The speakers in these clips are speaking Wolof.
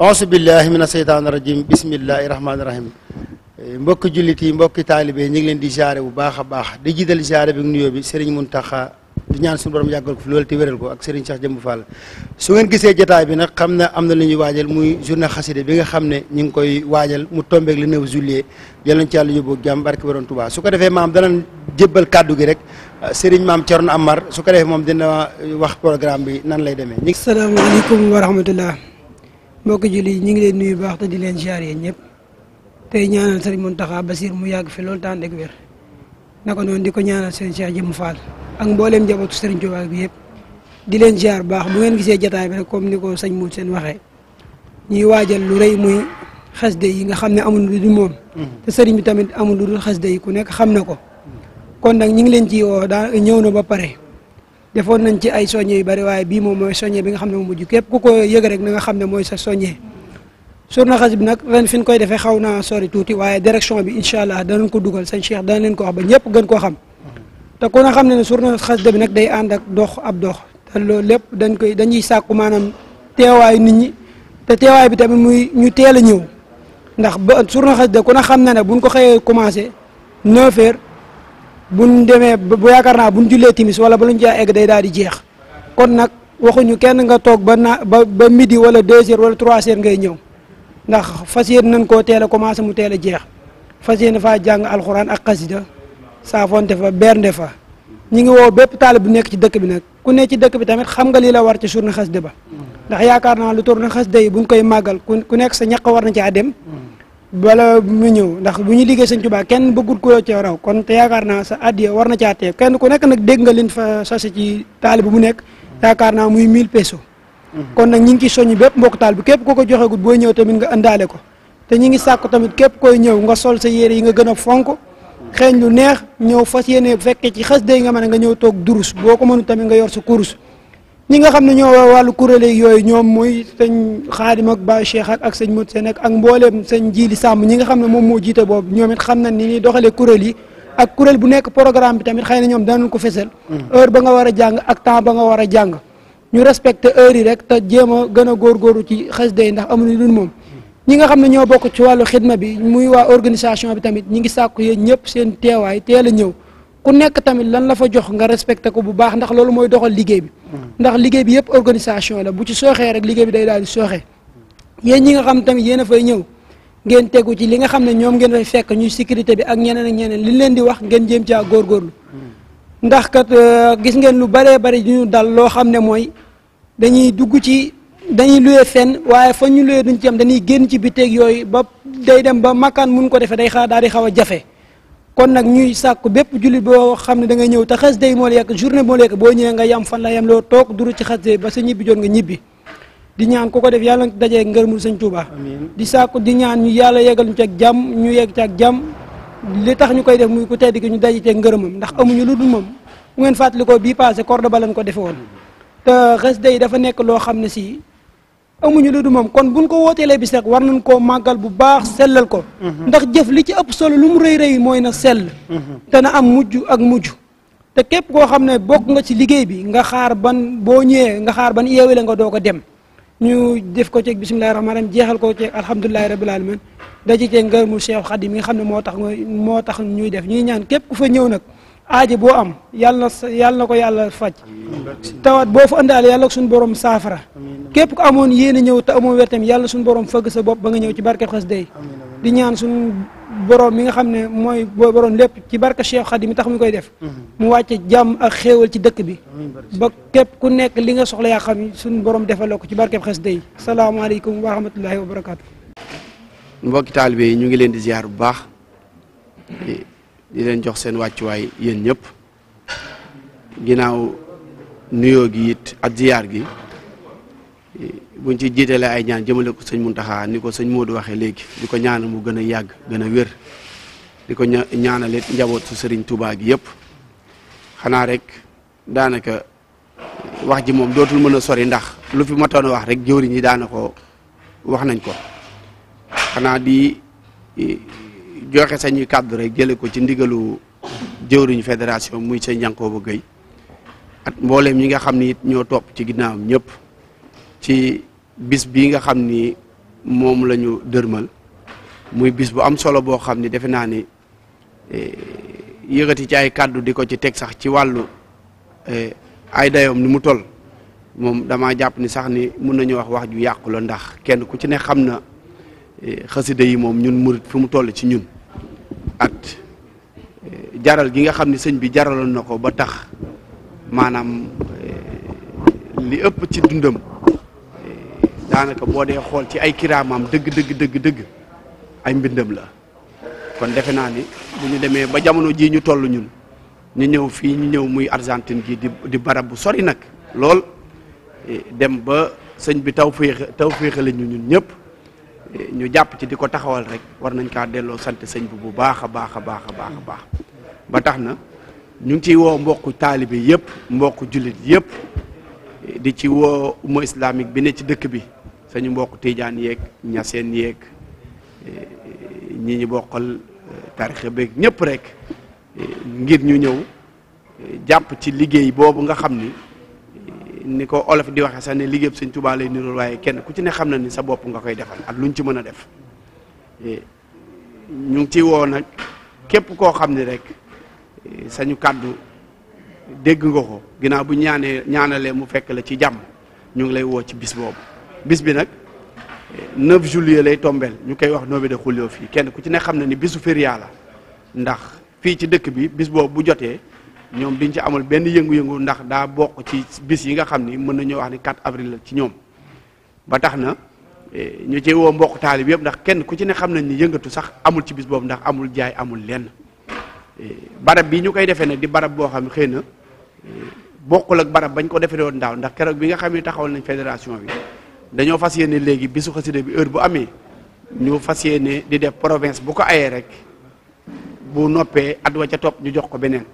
ausu billahi min aseytaan rajim bismillahi rahmaani rahim mbokki jullit yi mbokki taalibe ñu ngi leen di jaare bu baax a baax di jiital jaare bi nuyoo bi Serigne Mountakha di ñaan suñu borom yàggal ko fi loolu te wéral ko ak Serigne Cheikh Jëmb faal su ngeen gisee jotaay bi nag xam na am na lu ñuy waajal muy journée xasida bi nga xam ne ñu ngi koy waajal mu tombeek le 9 juillet yal nañ ci yàlla yóbbu jàmm barke borom Touba su ko defee maam danañ kàddu gi rek Serigne maam Thierno Amar su ko defee moom dina wax programme bi nan lay demee. asalaamaaleykum wa rahmatullah mbokk julli ñu ngi leen nuyu baax te di leen ziar yéen ñëpp tey ñaanal Serigne Mountakha basir mu yàgg fi loolu tànn ak wér naka noonu di ko ñaanal seen Cheikh Jëmb Fall ak mbooleem njabootu Serigne Touba bi yëpp di leen baax bu ngeen gisee jataay bi rek comme ni ko sañ Mour seen waxee ñuy waajal lu rëy muy xasida yi nga xam ne amul lu dul moom mm-hmm. te sëriñ bi tamit amul lu dul ku nekk xam ne ko kon nag ñi ngi leen ci woo daa ñëw na ba pare defoon nañ ci ay soññe yu bari waaye bii moom mooy soññe bi nga xam ne mu képp ku ko yëg rek na nga xam ne mooy sa soññe surna xas bi nag ren fi ñu koy defee xaw naa sori tuuti waaye direction bi incha allah danañ ko dugal sëñ Cheikh dana leen ko wax ba ñëpp gën koo xam te ku ne xam ne ne journée xasida bi nag day ànd ak dox ab dox te loolu lépp dañ koy dañuy sàkku maanaam teewaayu nit ñi te teewaay bi tamit muy ñu teel a ñëw ndax ba journée xasida ku ne xam ne ne buñ ko xëyee commencé 9 bu buñ demee bu yaakaar naa bu buñ jullee timis wala ba luñ jaa egg day daal di jeex kon nag waxuñu kenn nga toog ba naa ba ba midi wala 2h wala 3h ngay ñëw ndax fas yéene nañ koo teel a commencé mu teel a jeex fas yéene faa jàng alxuraan ak xasida saafonte fa bernde fa ñi ngi woo bépp taalib bu nekk ci dëkk bi nag ku ne ci dëkk bi tamit xam nga lii la war ci journée xasida ba ndax yaakaar naa lu tourné xasida yi buñ koy màggal ku nekk sa ñaq war na caa dem bala mu ñëw ndax bu ñu liggéey sëñ Tuubaa kenn bëggul ko ci raw kon te yaakaar naa sa addiya war na caa teew kenn ku nekk nag dégg nga liñ fa sase ci taalib bu nekk yaakaar naa muy 1000 pesos kon nag ñi ngi ci soññ bépp mbokk taal bi képp ko ko joxeegul boo ñëw tamit nga ëndaale ko te ñi ngi sàkku tamit képp koy ñëw nga sol sa yére yi nga gën a fonk xeeñ lu neex ñëw fas yéene fekkee ci xas day nga mën a nga ñëw toog durus boo ko mënu tamit nga yor sa kurus ñi nga xam ne ñoo wàllu kuréel yooyu ñoom mooy sëñ xaadim ak ba cheikh ak sëñ mot seen ak ak mbooleem sëñ jiili sàmm ñi nga xam ne moom moo jiite boobu ñoom it xam nañ nii ñuy doxalee kuréel yi ak kuréel bu nekk programme bi tamit xëy na ñoom danañ ko fesal mm. heure ba nga war a jàng ak temps ba nga war a jàng ñu respecté heure yi rek te jéem a gën a góor góorgóorlu ci xas day ndax amuñu lu moom ñi nga xam ne ñoo bokk ci wàllu xidma bi muy waa organisation bi tamit ñi ngi sàkku yéen ñëpp seen teewaay teel a ñëw ku nekk tamit lan la fa jox nga respecté ko bu baax ndax loolu mooy doxal liggéey bi ndax liggéey bi yëpp organisation la bu ci soxee rek liggéey bi day daal di sooxee yéen ñi nga xam tamit yéen a fay ñëw ngeen tegu ci li nga xam ne ñoom ngeen fay fekk ñuy sécurité bi ak ñeneen ak ñeneen li leen di wax ngeen jéem caa góorgóorlu ndax kat euh, gis ngeen lu baree bari ñu dal loo xam ne mooy dañuy dugg ci dañuy luwee fenn waaye fa ñu luwee duñ ci am dañuy génn ci biteeg yooyu ba day dem ba makkaan mun ko defee day xaar daal di xaw a jafe kon nag ñuy sàkku bépp jullit boo xam ne da nga ñëw te xas day moo lekk journée moo lekk boo ñëwee nga yam fan la yam loo toog duru ci xas ba sa ñibbi jot nga ñibbi di ñaan ku ko def yàlla nga dajee ngërëmul sëñ Tuuba di sàkku di ñaan ñu yàlla yegal ñu ci ak jàmm ñu yegg ci ak jàmm li tax ñu koy def muy ku tedd gi ñu daje ci ngërëmam ndax amuñu lu dul moom bu ngeen fàttalikoo bii passé Cordoba lañ ko defe woon te xas day dafa nekk loo xam ne sii amuñu lu du moom kon buñ ko wooteelee bis rek war nañ koo màggal bu baax sellal ko mhm. ndax jëf li ci ëpp solo lu mu rëy rëy mooy na sell mhm. dana am mujj ak mujj te képp koo xam ne bokk nga ci liggéey bi nga xaar ban boo ñëwee nga xaar ban yeewi la nga doog a dem ñu def ko ceeg bisimilahi rahmaani rahim jeexal ko ceeg alhamdulilahi rabil alamin daje ceeg ngërmu Cheikh Xadim mi nga xam ne moo tax moo tax ñuy def ñuy ñaan képp ku fa ñëw nag aaja boo am yàlla na yàlla ko yàlla faj tawat boo fa ëndaale yàlla ak saafara képp ku amoon yéen ñëw te amoon wér tamit yàlla suñu borom fëgg sa bopp ba nga ñëw ci barke xasida yi di ñaan suñu borom mi nga xam ne mooy boo borom lépp ci barke Cheikh Khadim mi tax mu koy def mu wàcce jàmm ak xéewal ci dëkk bi képp ku nekk li nga soxla yaa xam suñu borom defaloo ko ci barke xasida yi salaamaaleykum wa rahmatullahi wa barakaatu mbokki taalibe yi ñu ngi leen di ziar bu baax di leen jox seen wàccuwaay yéen ñëpp ginaaw nuyoo gi it ak ziar gi buñ ci jiitalee ay ñaan jëmale ko sëñ Muntaxa ni ko sëñ Modou waxee léegi di ko ñaanal mu gën a yàgg gën a wér di ko ñaanal it njabootu sëriñ Touba gi yëpp xanaa rek daanaka wax ji moom dootul mën a sori ndax lu fi matoon a wax rek jëwriñ daana ko wax nañ ko xanaa di joxe sañuy kàddu rek jële ko ci ndigalu jëwriñu fédération muy sëñ Yankooba Gueye at mbooleem ñi nga xam ni it ñoo topp ci ginnaawam ñëpp ci bis bii nga xam ni moom lañu ñu muy bis bu am solo boo xam ni defe naa ni e, yëkkati ci ay kàddu di ko ci teg sax ci wàllu e, ay dayoom ni mu toll moom damaa jàpp ni sax ni mun nañu wax wax ju yàqu ndax kenn ku ci ne xam na e, xasida yi moom ñun murit fi mu toll ci ñun at jaral gi nga xam ni sëñ bi jaraloon na ko ba tax maanaam li ëpp ci dundam daanaka boo dee xool ci ay kiraamam dëgg dëgg dëgg dëgg ay mbindam la kon defe naa ni bu ñu demee ba jamono jii ñu toll ñun ñu ñëw fii ñu ñëw muy Argentine gi di di barab bu sori nag lool e, dem ba sëñ bi taw féex taw féexale ñu ñun ñëpp e, ñu jàpp ci di ko taxawal rek war nañ kaa delloo sant sëñ bi bu baax a baax a baax baax baax ba tax na ñu ngi ciy woo mbokku taalibe yëpp mbokku jullit yëpp di ci woo umma islamique bi ne ci dëkk bi sañu mbokk tiijaan yeeg ñaseen yéeg eh, ñi ñu bokkal eh, tarixa beeg ñëpp rek eh, ngir ñu ñëw jàpp ci liggéey boobu nga xam ni ni ko olof di waxe sax ne liggéey Sëñ Tuubaa lay nirool waaye kenn ku ci ne xam na ni sa bopp nga koy defal ak lu ñu ci mën a def ñu ngi ci woo nag képp koo xam ni rek sañu kàddu dégg nga ko ginnaaw bu ñaanee ñaanalee mu fekk la ci jàmm ñu ngi lay woo ci bis boobu bis bi nag 9 juillet lay tombel ñu koy wax Nobel de Julio fii kenn ku ci ne xam na ni bisu feria la ndax fii ci dëkk bi bis boobu bu jotee ñoom diñ ci amul benn yëngu-yëngu ndax daa bokk ci bis yi nga xam ni mën nañoo wax ni 4 avril la ci ñoom ba tax na eh, ñu ci woo mbokk taalib yëpp ndax kenn ku ci ne xam nañ ni yëngatu sax amul ci bis boobu ndax amul jaay amul lenn eh, barab bi ñu koy defee nag di barab boo xam xëy na eh, bokkul ak barab bañ ko defee woon daaw ndax keroog bi nga xam ne taxawal nañ fédération bi dañoo fas yéene léegi bisu xasida bi heure bu amee ñu fas yéene di def province bu ko ayee rek bu noppee at wa ca topp ñu jox ko beneen.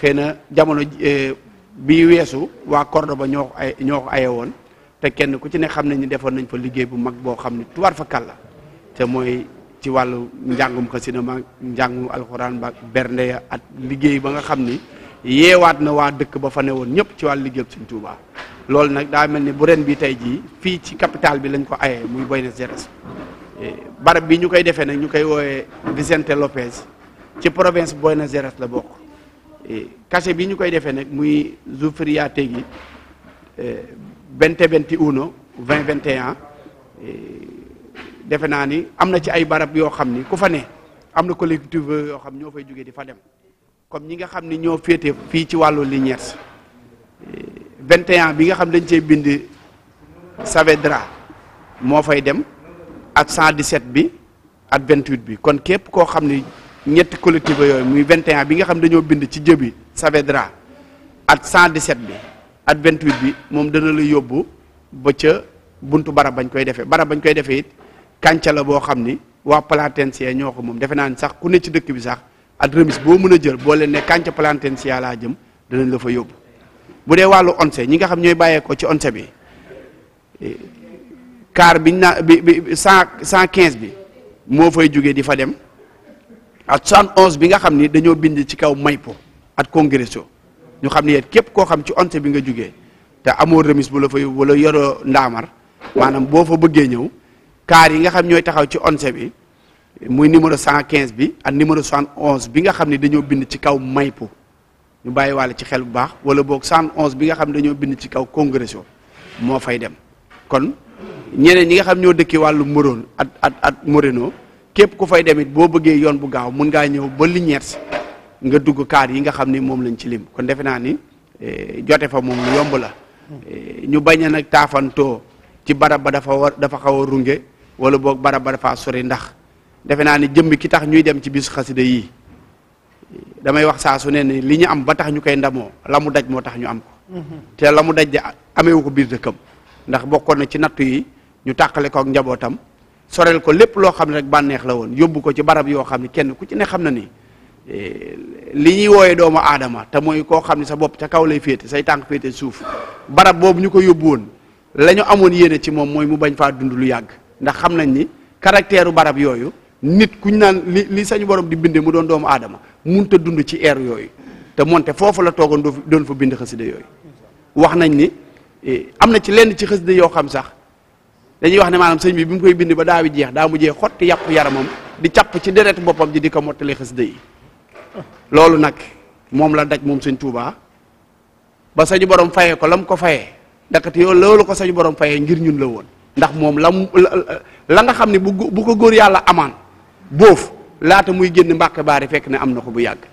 xëy na jamono eh, bi weesu waa Cordoba ba ko ay ñoo ko aye woon te kenn ku ci ne xam ne ñu defoon nañ fa liggéey bu mag boo xam ne tuwaar fa kàlla te mooy ci wàllu njàngum xasida ma njàngum alxuraan ba bernde ya at liggéey ba nga xam ni yeewaat na waa dëkk ba fa ne woon ñëpp ci wàllu liggéey Sëñ Tuubaa loolu nag daa mel ni bu ren bi tey jii fii ci capital bi lañ ko ayee muy Buenos Aires eh, barab bi ñu koy defee nag ñu koy woowee Vicente López ci province Buenos Aires la bokk eh, cachet bi ñu koy defee nag muy Zucuriategui bente eh, benti uno vingt vingt et un defe naa ni am na ci ay barab yoo xam ni ku fa ne am na collectif yoo xam ñoo fay jógee di fa dem comme ñi nga xam ni ñoo féete fii ci wàllu Liniers 21 bi nga xam dañ cee bind Saavedra moo fay dem ak 117 bi ak 28 bi kon képp koo xam ni ñetti collectif yooyu muy 21 bi nga xam dañoo bind ci jëbi Saavedra ak 117 bi ak 28 bi moom dana la yóbbu ba ca buntu barab bañ koy defee barab bañ koy defee it kànca la boo xam ni waa Platensia ñoo ko moom defe naa ni sax ku ne ci dëkk bi sax ak remise boo mën a jël boo leen ne kànca Platensia laa jëm danañ la fa yóbbu. bu dee wàllu onse ñi nga xam ñooy bàyyeekoo ci onse bi car biñ naa bi bi cent cent quinze bi moo fay jógee di fa dem ak soixante onse bi nga xam ni dañoo bind ci kaw Maypo ak Congresso ñu xam ne yéen képp koo xam ci onse bi nga jógee te amoo remise bu la fay wala yoroo ndaamar maanaam boo fa bëggee ñëw car yi nga xam ñooy taxaw ci onse bi muy numéro cent quinze bi ak numéro cent onze bi nga xam ni dañoo bind ci kaw Maypo ñu bàyyi waale ci xel bu baax wala boog 111 bi nga xam ne dañoo bind ci kaw congression moo fay dem kon ñeneen ñi nga xam ñoo dëkkee wàllu moroon at at at moreno képp ku fay demit boo bëggee yoon bu gaaw mun ngaa ñëw ba Liguères nga dugg kaar yi nga xam ni moom lañ ci lim kon defe naa ni eh, jote fa moom lu yomb la eh, ñu bañ a nag taafantoo ci barab ba dafa war dafa xaw a runge wala boog barab ba dafa sori ndax defe naa ni jëmb ki tax ñuy dem ci bis xasida yii damay wax saa su ne ni li ñu am ba tax ñu koy ndamoo la mu daj moo tax ñu am ko te la mu daj ameewu ko biir dëkkam ndax bokkoon na ci nattu yi ñu tàqale ko ak njabootam sorel ko lépp loo xam ne rek bànneex la woon yóbbu ko ci barab yoo xam ne kenn ku ci ne xam na ni eh, li ñuy wooyee doomu aadama te mooy koo xam ne sa bopp ca kaw lay féete say tànk féete suuf barab boobu ñu ko yóbbu woon lañu amoon yéene ci moom mooy mu bañ faa dund lu yàgg ndax xam nañ ni caractère barab yooyu nit ku ñu naan li li sañu borom di bindee mu doon doomu aadama munta dund ci air yooyu te moonte foofu la toogoon doon fa bind xasida yooyu wax nañ ni eh, am na ci lenn ci xasida yoo xam sax dañuy wax ne maanaam sëñ bi bi mu koy bind ba daawi jeex daa mujjee xotti yàpp yaramam di càpp ci deret boppam ji di ko mottalee xasida yi loolu nag moom la daj moom sëñ Tuubaa ba sañu borom fayee ko la mu ko fayee ndakati yow loolu ko sañu borom fayee ngir ñun la woon ndax moom la la nga xam ne bu ko góor yàlla amaan boof laata muy génn mbàkk baari fekk ne am na ko bu yàgg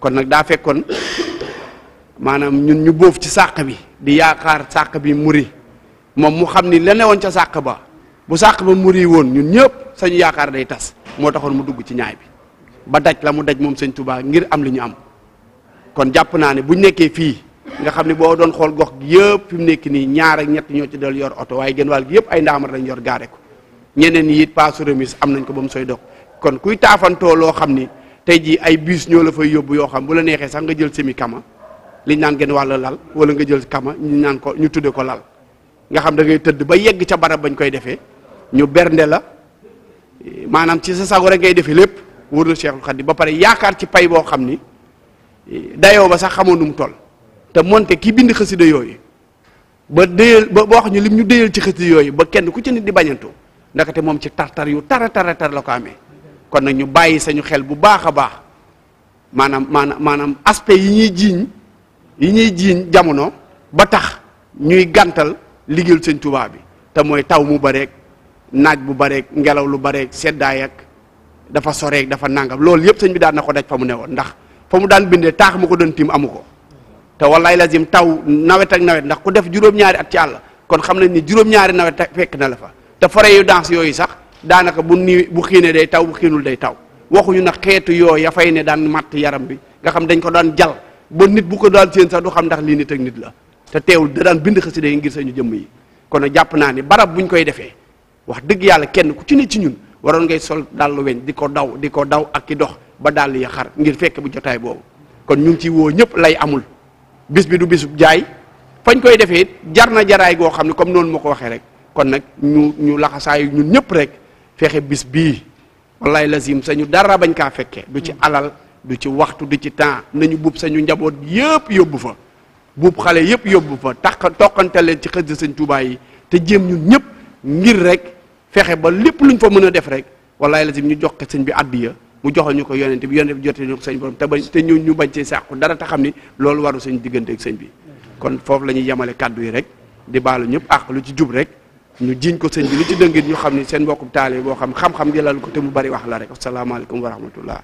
kon nag daa fekkoon maanaam ñun ñu boof ci sàq bi di yaakaar sàq bi muri moom mu xam ni la newoon ca sàq ba bu sàq ba muri woon ñun ñëpp sañ yaakaar day tas moo taxoon mu dugg ci ñaay bi ba daj la mu daj moom sëñ Tuubaa ngir am li ñu am kon jàpp naa ne buñ nekkee fii nga xam ne boo doon xool gox gi yëpp fi mu nekk nii ñaar ak ñett ñoo ci dal yor oto waaye genn wàll gi yëpp ay ndaamar lañ yor gaare ko ñeneen yi it remise am nañ ko ba mu sooy kon kuy taafantoo loo xam ni tey jii ay bus ñoo la fay yóbbu yoo xam bu la neexee sax nga jël semi kama liñ naan genn wàll lal wala nga jël kama ñu naan ko ñu tudde ko lal nga xam da ngay tëdd ba yegg ca barab bañ koy defee ñu bernde la maanaam ci sa sago rek ngay defe lépp wóor na Cheikhul Khadim ba pare yaakaar ci pay boo xam ni dayoo ba sax xamoo nu mu toll te monte ki bind xasida yooyu ba déyal ba wax ñu lim ñu déyal ci xasida yooyu ba kenn ku ci nit di bañantoo ndaxte moom ci tartar yu tara tara tar la ko kon nag ñu bàyyi sañu xel bu baax a baax maanaam maanaam maanaam aspect yi ñuy jiiñ yi ñuy jiiñ jamono ba tax ñuy gàntal liggéeyul sëñ tubaab bi te mooy taw mu bareeg naaj bu bareek ngelaw lu bareeg seddaay ak dafa soreeg dafa nangam loolu yëpp sañ bi daan na ko daj fa mu ne woon ndax fa mu daan bindee taax mu ko doon tim amu ko te wallaay lazim taw nawet ak nawet ndax ku def juróom-ñaari at ci àll kon xam nañ ni juróom-ñaari nawet fekk na la fa te fore yu yooyu sax daanaka bu ni bu xiinee day taw bu xiinul day taw waxuñu na xeetu yoo ya fay ne daan matt yaram bi nga xam dañ ko daan jal ba nit bu ko daan séen sax du xam ndax lii nit ak nit la te teewul da daan bind xasida yi ngir sañu jëmm yi kon nag jàpp naa ni barab bu ñu koy defee wax dëgg yàlla kenn ku ci ne ci ñun waroon ngay sol dàllu weñ di ko daw di ko daw ak ki dox ba dàll ya xar ngir fekk bu jotaay boobu kon ñu ngi ci woo ñëpp lay amul bis bi du bisub jaay fañ koy defee jar na jaraay goo xam ne comme noonu ma ko waxee rek kon nag ñu ñu laxasaayu ñun ñëpp rek fexe bis bii wallaay lazim sañu dara bañ kaa fekkee du ci alal du ci waxtu du ci temps nañu buub sañu njaboot yëpp yóbbu fa buub xale yëpp yóbbu fa tax toqante leen ci xëdd sëñ Tuubaa yi te jéem ñun ñëpp ngir rek fexe ba lépp luñ fa mën a def rek wallaay lazim ñu jox ko sëñ bi ya mu joxal ñu ko yonent bi yonent bi jotee ñu ko te bañ te ñu ñu bañ ci sàqu dara te xam ni loolu waru sëñ diggante ak sëñ bi kon foofu la ñuy yemale kàddu yi rek di baalu ñëpp ak lu ci jub rek ñu jiñ ko sëñ bi lu ci dëngit ñu xam ni seen mbokkum taale boo xam xam-xam ko te mu bari wax la rek asalaamaaleykum wa rahmatullah